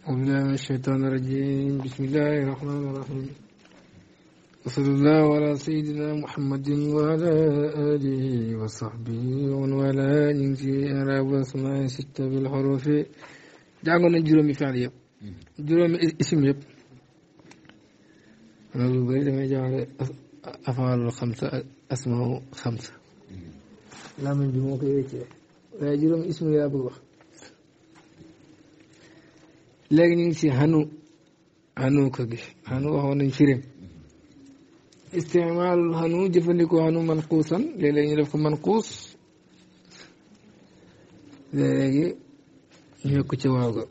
أعوذ الشيطان الرجيم بسم الله الرحمن الرحيم وصلى الله على سيدنا محمد وعلى آله وصحبه ومن ولا ننسي أعراب أسماء ستة بالحروف دعونا نجرم فعليا جرم اسم يب أنا زبير ما جعل أفعال الخمسة أسماء خمسة لا من بموقعك لا جرم اسم يا أبو بكر léegi ñu ngi si xanu xanu ko gi xanu waxoon nañ firim istimaalul xanu jëfandikoo xanu manquusan léeg-léeg ñu def ko manquus léegi ñu yokk ci waaw ga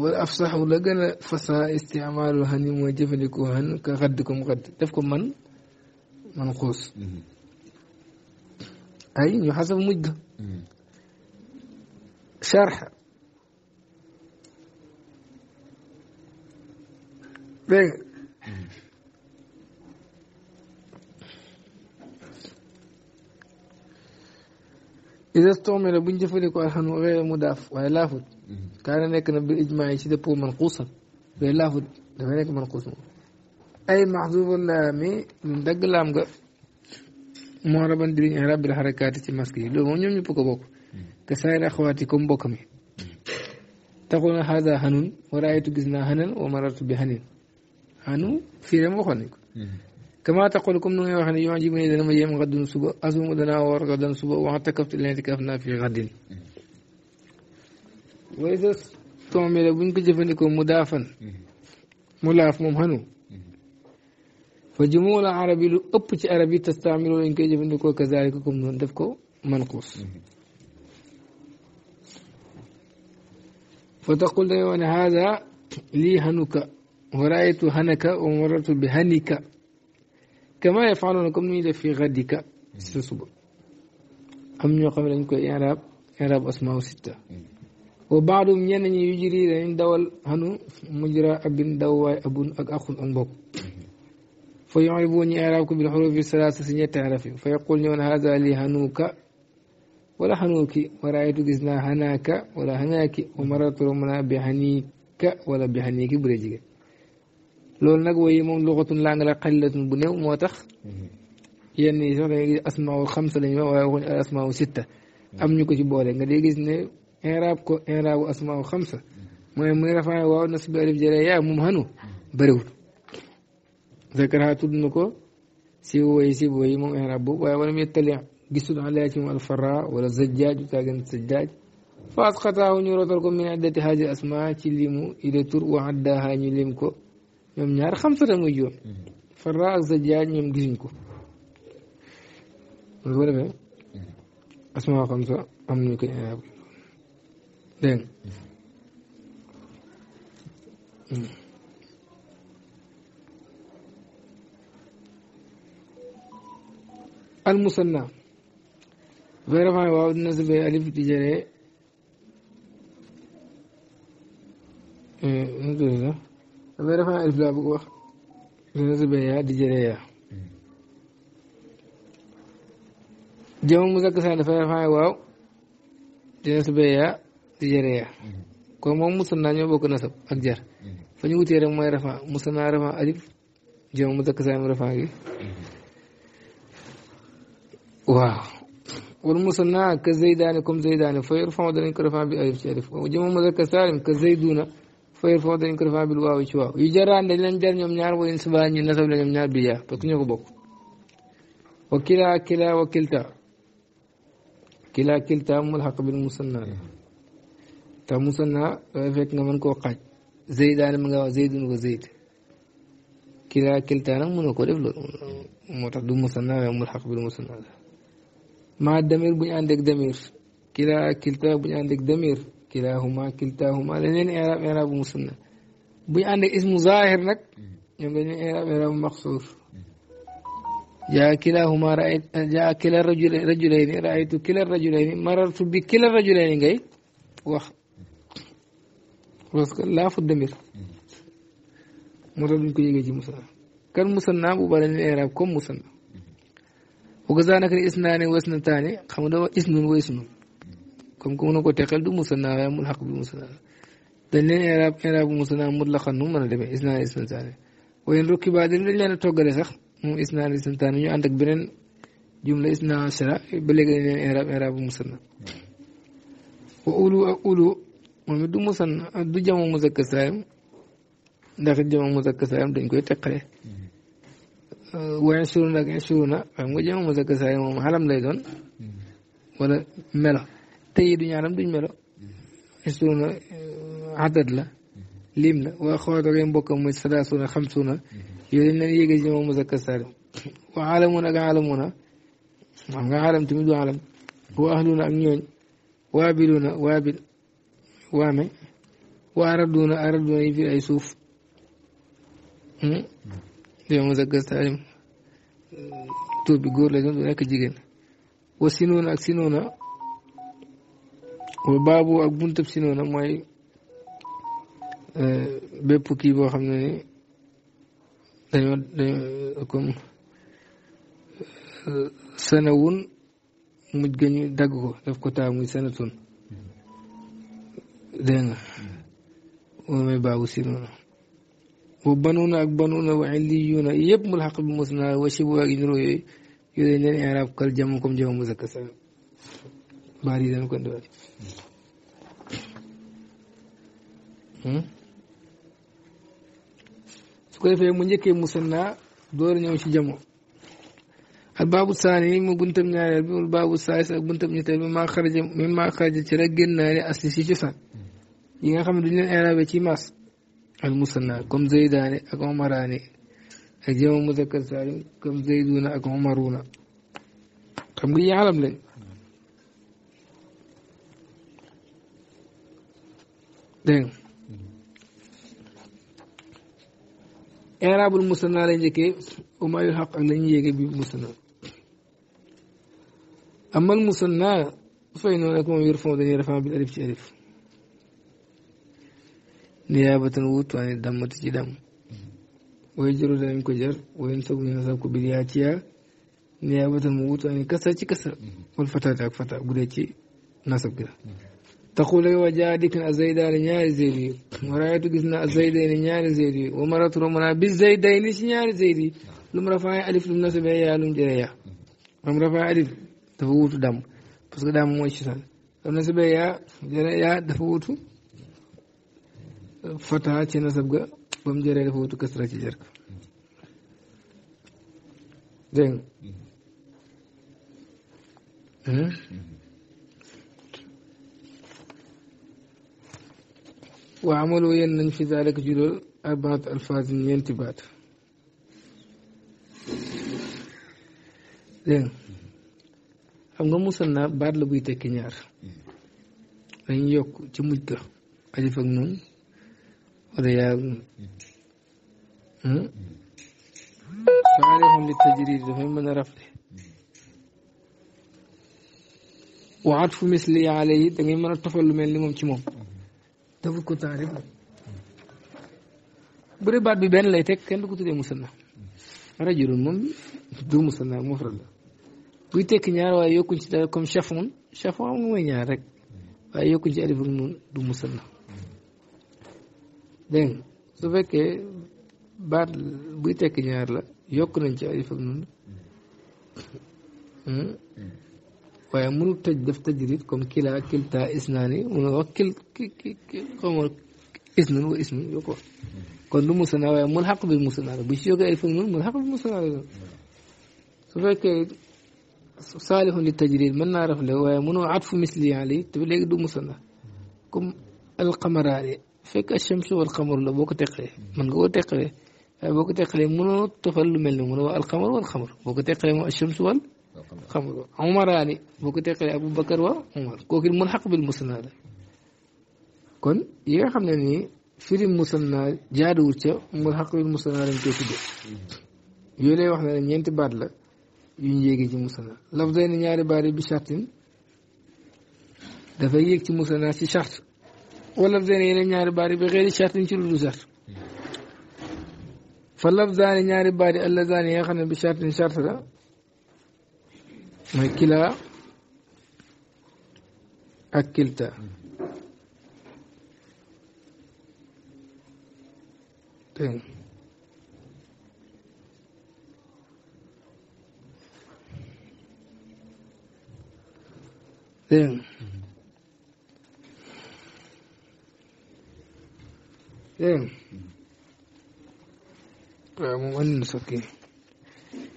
wala af saxu la gën a fasaa istimaalul xan yi mooy jëfandikoo xan ka xadd ko mu xadd def ko man manquus ay ñu xasab mujj ga charx mm-hmm. dégg nga istomila buñ jëfandikoo alxanu xeere mu daaf waaye laafut kaana nekk na bi ijmaa yi ci dëppoo man xuusan waaye laafut dafay nekk man xuus moom ay maxduufa laami luñ dagg laam nga moo raban diriñ ay rabbil xarakaati ci masque yi loolu moom ñoom ñëpp ko bokk te saayir axawaat yi comme mbokk mi taxul na xaada xanun wa raaytu gis naa xanan maratu bi xanin anu fii rek waxoon nañ ko. كما تقول كم نوع خنا يعجبني إذا لم يوم غد سبا أزوم دنا ور غد سبا وحتى كفت لنا تكفنا في غد وإذا استعمل بنك جفنك مضافا ملاف ممهنو فجموع العربي لو أبتش عربي تستعملوا إنك جفنك كذلك كم نندفكو منقوص فتقول لي هذا لي هنوك waraaytu hanaka wa marartu bi hanika kama yafaluuna comme ni ñuy def fii xadika suba am ñoo xam ne dañ koy irab irab asmau sitta wa baadum ñenn ñi yu jiri dañ dawal xanu mujra abin dawwaay abun ak axun ak mbokk fa yoribu ñu irab ko bil xurufi salaasa si ñetti araf yi fa yaqul ñëw ne haza li hanuka wala hanuki waraaytu gis naa hanaka wala hanaki wa marartu romana bi hanika wala bi haniki bu dee jigéen loolu nag waaye moom luxatun làng la xalilatun bu néew moo tax mm-hmm. yenn yi sax da ngay gis asmaaw xamsa lañu mm-hmm. ñu ko ci boole nga day gis ne inraab ko inraabu asmaaw xamsa mm-hmm. mooy muy rafaa waaw nas bi alif jëre yaa moom xanu bëriwul zakara tudd ko si woy si woy moom inraab boobu waaye wala muy tali gisul ala ci moom wala zajjaaj taagan zajjaaj fa asqataahu ñu rotal ko min iddati haaji asma ci limu ida tur wa addaaha ñu lim ko ñoom ñaar xamsata muy juróom farra ak zajjaaj ñoom gisuñ ko loolu ko defee asmaa xamsa am nañu ko ñaar dégg al musanna dafay rafaa waaw dina si bay alif di jëree damay dafa alif laa bëgg wax dina subee yaa di jëlee yaa jëmm muzakk saan dafa dafa waaw dina subee yaa di jëlee kon moom musanna ñoo bokk nasab ak jar fa ñu wutee rek mooy rafa musanna rafa alif jëmm muzakk saan rafa gi waaw ka zaydaani comme fayal foofu dañ ko defaa bil waaw ci waaw yu jaraan dañ leen jar ñoom ñaar wayin suba ñu nasab la ñoom ñaar bi yaa parce que ko bokk wa kilaa kilaa wa kilta kilaa kilta mulxaq bil musanna te musanna dafay fekk nga mën maa damir bu ñu ànd ak damir kilaa kilta bu ñu ànd ak kilahuma kiltahuma leneen irab irabu musanna bu ñu ànd ak ismu zahir nag ñoom dañu irab irabu maxsuus jaa kilahuma raayt jaa kila rajul rajulayni raaytu kila rajulayni marartu bi kila rajulayni ngay wax parce que laa fu musanna kan musanna bu bari ñu irab comme musanna wa kazaalika isnaani wa isnataani xam nga dafa isnun wa isnun comme que mën na ko teqal du musanna waaye mul xaq bi musanna dañ leen irab irabu musanna mutlaqan nu mën a demee isnaan isnantaani waaye rukki baa dañ leen a toggale sax moom isnaan isnantaani ñu ànd ak beneen jumla isna ashara ba léegi dañ leen irab irabu musanna wa ulu ak ulu moom it du musanna du jamo muzakkar saayam ndax jamo muzakkar saayam dañ koy teqale waaye insuruna ak insuruna xam nga jamo muzakkar saayam moom xalam lay doon wala mela sayyidu ñaanam duñ melo isruna adad la lim la waa xawaatoo rek mbokkam muy salaasuuna xamsuuna yooyu dañ leen yéege si ñoom muzakkar saalim wa aalamuuna ak aalamuuna xam nga aalam tamit du wa ahluuna ak ñooñ waabiluuna waabil waame wa araduuna araduuna yi ay suuf yow muzakkar saalim tur bi la doon du nekk jigéen wa sinoona ak sinoona wa baabu ak buntab si noona mooy euh, bépp kii boo xam ne ni dañoo dañoo comme euh, sanawun mujj ga dagg ko daf ko taa muy sanatun dégg nga moomay baabu si noona wa banuuna ak banuuna wa illiyuuna yëpp mul xaq bi mos naa wa sibu ak yi nuroo yooyu yooyu neen i'raab baal yi ko doon su ko defee mu njëkk njëkkee musanna door ñëw ci jamo al baabu saani mu buntam ñaareel bi mu baabu saalis ak buntam ñetteel bi maa xaraja mi ci rek génn naa ne asli si cosaan yi nga xam ne duñ leen érabé ci mas al musanna comme zeydaani ak omaraani ak jamo muzakkar saalim comme zeyduna ak omaruna xam nga yaalam lañ dégg nga i'raabul musanna lay njëkkee umaayu xaq ak lañuy yéege bi musanna amal musanna fay noonu ak moom yurfa'u dañuy rafa bil alif ci alif niyaabatan wut waa ne dammati ci dam way juru danañ ko jar way nu sabu ñu nasab ko bil yaa ci yaa niyaabatan mu wut waa ne ci kasa mm-hmm. wal fataate ak fata bu ci nasab gi la mm-hmm. taxulay wa jaa dikk na azaydaani ñaari zayd yi waraytu gis bi zaydayni si ñaari zayd yi lu mu alif lu mu nasabee yaa lu mu jëlee yaa am alif dafa wutu dam parce que dam mooy cosaan lu mu nasabee yaa dafa wutu fata ci nasab ga ba mu dafa wutu kasra ci jërk dégg waa amaloo yenn nañ fi zaalika ci loolu arbaat alfaazin ñeenti baat dégg xam nga musanna baat la buy tekki ñaar dañ yokk ci mujj ga alif ak nun wala yaa faalihun hmm? li tajriid dafay mën a rafle wa atfu misli alayhi da ngay mën a tofal lu mel ni moom ci moom dafut ko rek bu dee baat bi benn lay tek kenn du ko tuddee musanna rajulun moom du musanna mufrad la buy tekki ñaar waaye yokkuñ ci dara comme chafon chafon am ñaar rek waaye yokku ci alif ak nun du musanna baat buy la yokk nañ ci alif ak waaye mënul tëj def tajrid comme kilaa kilta isnaani mun a wax kil xawma isnan wa isnan yoo ko kon du musanaa waaye mun xaq bi musanaa la bu ci jógee ay fan noonu mun xaq bi musanaa la su fekkee saalihun li tajrid mën naa rafle waaye mënoo atfu misli ali te léegi du musanaa comme alqamaraani fekk achamsu wal xamaru la boo ko teqee mën nga koo teqalee waaye boo ko teqalee mënoo tofal lu mel ni mënoo alqamar wal xamar boo ko teqalee moom achamsu wal xam nga umaraani boo ko teqalee Abu Bakar wa Umar kooku it mulhaq bil musanna la kon yi nga xam ne nii firi musanna jaaduwul ca mulhaq bil musanna lañ koy tudde yooyu lay wax ne ñeenti baat la yu ñu yéegee ci musanna lafzay ne ñaari baat bi shartin dafay yéeg ci musanna ci shart wala lafzay yeneen ñaari baat yi bi xeeri shartin ci lu dul shart fa lafzaani ñaari baat yi allazaani yi nga xam ne bi shartin shart la كلا أكلتا تين تين تين تين تين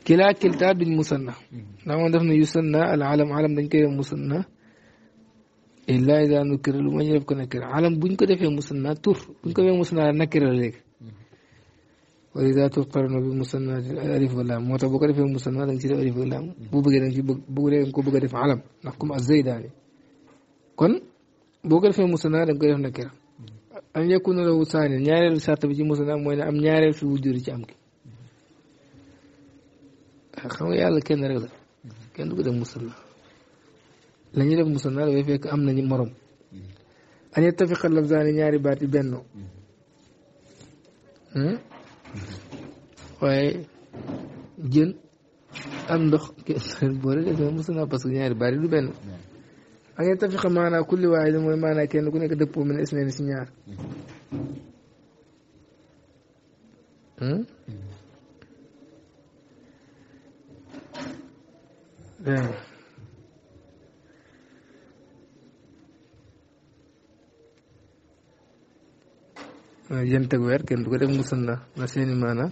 kilaa kilta duñ musanna mm-hmm. ndax moom def na yusanna al alam alam dañ koy def musanna illaa idaa nukkira lu ma ñu def ko nakkira alam buñ ko defee musanna tur buñ ko defee musanna nakkira la léegi mm-hmm. wa idaa tuqarna bi musanna alif wala moo tax boo ko defee musanna da nga ci def bu bëggee da bu dee ko bëgg a def alam ndax comme az zaydaani kon boo ko defee musanna da nga koy def nakkira mm-hmm. an yakuna lahu saanin ñaareelu sart bi ci musanna mooy ne am ñaareel fi wujjuri ci am ki xam nga yàlla kenn rek la kenn du ko def musanna la ñuy def fekk am nañu morom mm-hmm. añe tafiqa lafzaani ñaari baat yi benn mm-hmm. hmm? waaye jën am ndox kenn boole def musanna parce que ñaari baat yi du benn añe tafiqa maanaa kulli waahid mooy maanaa kenn ku nekk dëppoo mu ne isnaani si ñaar mm-hmm. Hmm? dégg nga jant ak weer kenn du def musanna na seeni maana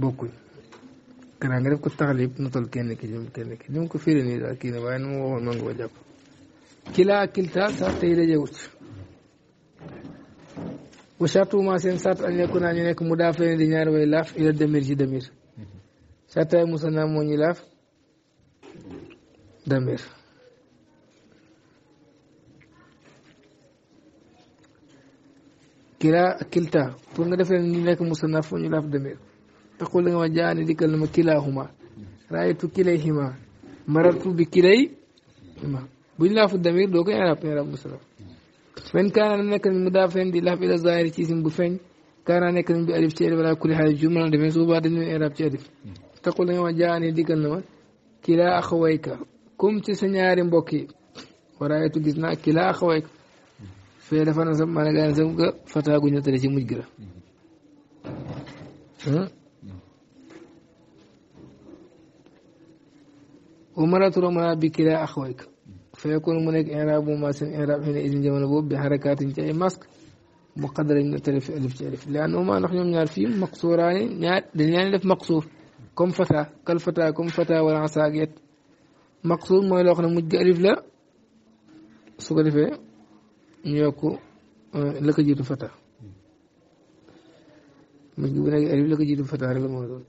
bokkuñ kanaa nga def ko taxalib notal kenn ki jëm kenn ki ni mu ko firi nii daal kii ne waaye nu ma waxoon man nga ko jàpp kilaa kilta sax tey dajewut wa sartuma seen sart an nekku naa ñu nekk mu daaf leen di ñaari way laaf ila demir ci demir mhm. sartaay musanna moo ñu laaf damir kilaa ak kilta pour nga defee ni nekk musannaf foo ñu laaf damir taqul nga ma jaani dikkal na ma kilaahuma raaytu kilayhima marartu bi kilayhima bu ñu laafu damir doo ko i'raab i'raab musannaf fen kaana nekk nañ mu daa fen di laaf ila zaahiri ci isim bu feeñ nekk nañ bi alif ci alif wala kulli nga ma jaani dikkal na ma كلا أخويك كم تسنيار بوكي ورأيت جزنا كلا أخويك في دفن زم مالا جان زم فتاة قنية تلسي مجرى عمرة رمنا بكلا أخويك فيكون منك إعراب وما سن إعراب هنا إذن جمال بوب بحركات جاي ماسك مقدرين نتلف ألف جارف لأنه ما نحن نعرف مقصوراني نعرف مقصور. كم فتاة كل فتاة كم فتاة ولا ساجد مقصود ما يلاقنا مجد لا سكر إيه؟ في آه، لك جيتو فتاة مجد بنا لك جيتو فتاة على الموضوع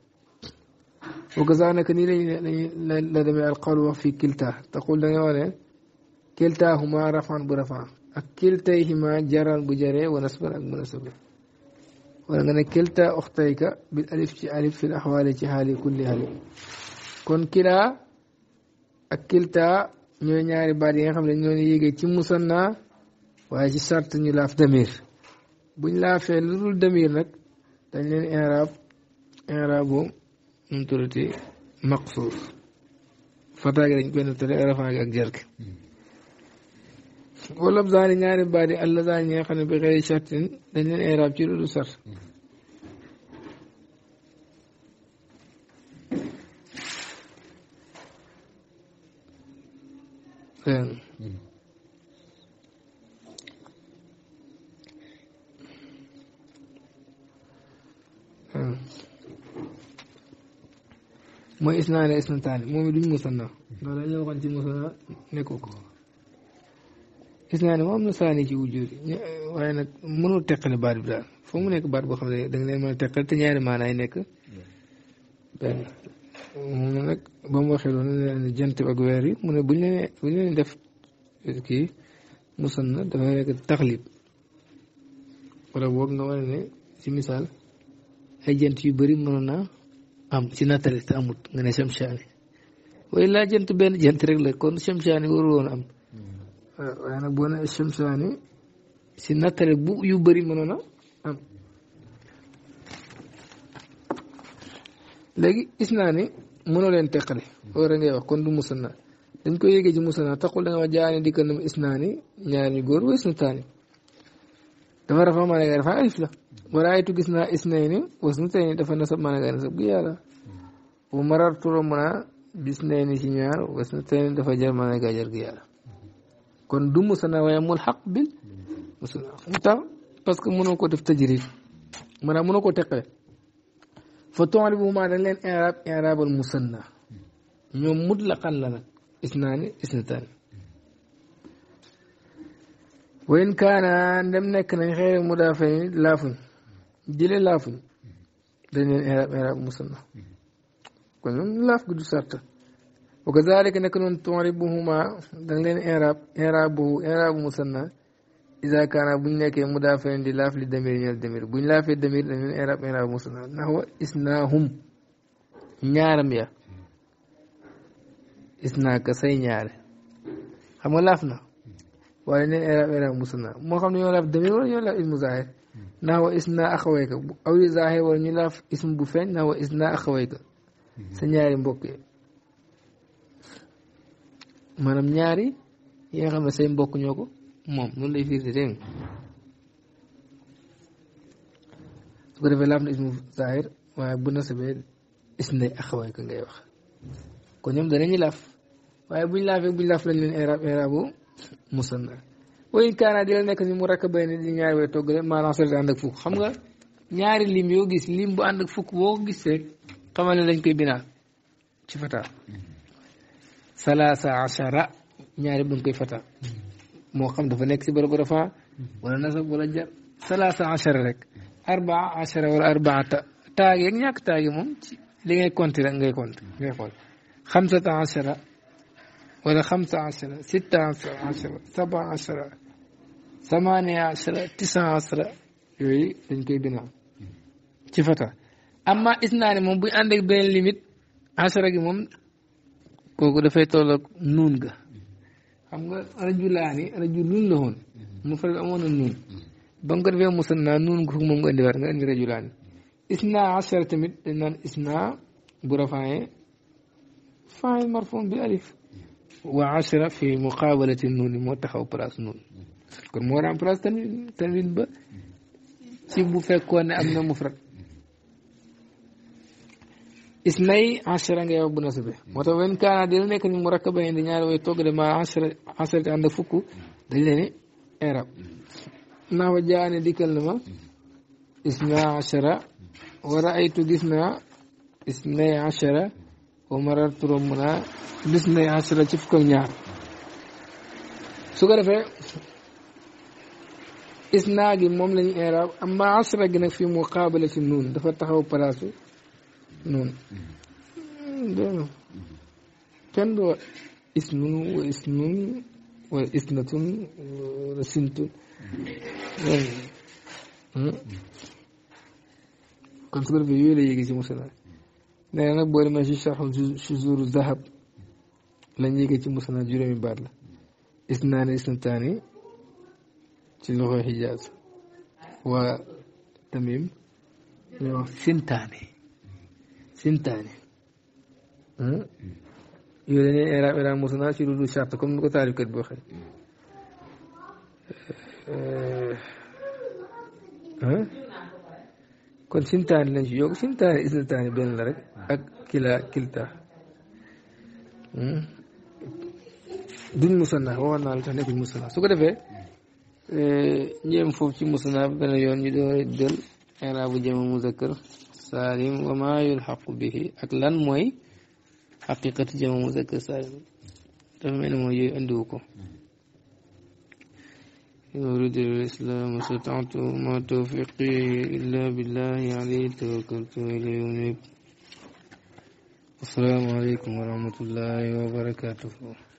وكذا كني لي لدمع القول وفي كلتا تقول لنا يعني كلتا هما رفعا برفعا كلتا هما جرال بجرى ونسبا بنسبا wala nga ne kilta oxtayka bil alif ci alif fil axwaali kon kilaa ak kilta ñooy ñaari baat yi nga xam ne ñoo ne ci musanna waaye ci sart ñu laaf damir buñ laafee lu dul damir nag dañ leen inraab inraabu mu tuddati maqsuur fataagi dañ koy nettali rafaa gi ak jerk wala zaani ñaari baat yi àll zaani ñi xam ne bi xëy sartin dañ leen érab ci lu dul sart mooy isnaani isnataani moom it duñ musanna loolu la ci musanna nekkoo gis naa ne moom na saani ci wujur waaye nag mënul teqale baat bi daal foo mu nekk baat boo xam ne da nga leen mën a teqale te ñaari maanaay nekk benn moom ba mu waxee loolu ne jant bi ak yi mu ne buñ leen buñ leen def kii musanna dafa nekk taxlib wala boog nga wane ne ci misaal ay jant yu bëri mënoon naa am ci nattale te amut nga ne samsaani waaye laa jant benn jant rek la kon samsaani warul am waaye nag boo nee si nattale bu yu bëri mënoon a am léegi isnaani mënoo leen teqale loolu ngay wax kon du musanna dañ koy yéegee ci musanna taxul da nga wax jaani dikkal na ma isnaani ñaari ñu góor weesu taani dafa rafa maanaam dafa alif la waraaytu gis naa isnayni wasnatayni dafa nasab maanaam nasab gi yàlla bu marartu romb naa bisnayni ci ñaar wasnatayni dafa jar maanaam jar gi yàlla. kon du musana waaye mulxaq bil musana lu tax parce que mënoo ko def tajrid maanaam mënoo ko teqale fa toxalibu maa dañ leen irab irabal musanna ñoom mutlaqan la nag isnaani isnataani wayn kaana ndem nekk nañ xëy mu daafay laafuñ jële laafuñ dañ leen irab irab musanna kon ñoom laaf gi du sarta wa kazalika nekk noonu tunribuhuma da nga leen inrab inrab boobu inrab musanna iza kaana buñ nekkee mudaafen di laaf li damir ñeel damir buñ laafee damir dañ leen inrab inrab musanna ñaaram ya isnaa ka say ñaare xam nga laaf na waaye neen inrab inrab musanna moo xam ne ñoo laaf damir wala ñoo laaf ismu zaahir nahwa isnaa axawayka aw li zaahir wala ñu laaf ismu bu feeñ nahwa isnaa axawayka sa ñaari mbokk maanaam ñaari yi xam ne say mbokk ñoo ko moom loolu lay fiir di dégg su ko defee laaf na ismu zahir waaye bu nasabee isnay axawaay ka ngay wax kon ñoom danañu laaf waaye buñ laafee buñ laaf lañ leen irab irabu musanna wayin kaana di la nekk mu rakk bay ne di ñaari way toggale maanaam sori ànd ak fukk xam nga ñaari lim yoo gis lim bu ànd ak fukk boo ko gis rek xamal ne dañ koy binaa ci fataa salaasa ashara ñaari dañ fata moo xam dafa nekk si bërëbu rafa wala nasab wala jar salaasa ashara rek arbaa ashara wala arbaata taagi ak ñàkk moom ci li ngay ashara wala xamsa ashara sitta ashara saba ashara samaniya ashara tisa ashara yooyu dañ koy binaa ci fata amma isnaani moom buy ànd ak beneen limite ashara gi moom kooku dafay tolloog nuun ga xam nga rajulaani rajulun la woon mufrad amoon na nuun ba nga ko defee musanna nuun nga moom nga indiwaat nga indi rajulaani isna asara tamit dañ naan isna bu rafaaye faay marfon bi alif wa asara fi muqaabalati nuun moo taxaw place nuun kon moo remplace tanwin tanwin ba ci bu fekkoon ne am na mufrad isnay ashara nga yow bu nasab bi mm. moo tax wen kaana dina nekk ñu murakkabayn di ñaari way togg de ma ashara te ànd ak fukk mm. dañ leen erab mm. naa wa jaane dikkal na ma isna ashara wa raaytu gis naa isnay ashara wa marartu romb naa bisnay ci fukk ñaar su ko defee isna gi moom lañu erab amma ashara gi nag fii muqaabala ci nuun dafa taxaw palaasu noonu mm-hmm. mm-hmm. dégg mm-hmm. kenn doo ismun wa ismun wa isnatun wa sintun kon su ko la yéegi ci musala nee nag boo demee ci charxu chuzuru zahab lañ yéegi ci musala juróomi baat la isnaani isnataani ci loxo xijaaz waa tamim sintaani sintaani yooyu dañuy eraab eraab musanaa ci lu comme ni ko taarifkat bi waxee kon sintaani lañ ci yokk sintaani isnataani benn la rek ak kila kilta duñ musanaa waxoon naa la tax nekkuñ musanaa su ko defee ñeem foofu ci musanaa benn yoon ñu doon jël eraabu jama muzakkar سالم وما يلحق به أكلا موي حقيقة جمع مذكر سالم تفهمين موي عندوكو يريد الإسلام استطعت ما توفيقي إلا بالله علي توكلت إلي السلام عليكم ورحمة الله وبركاته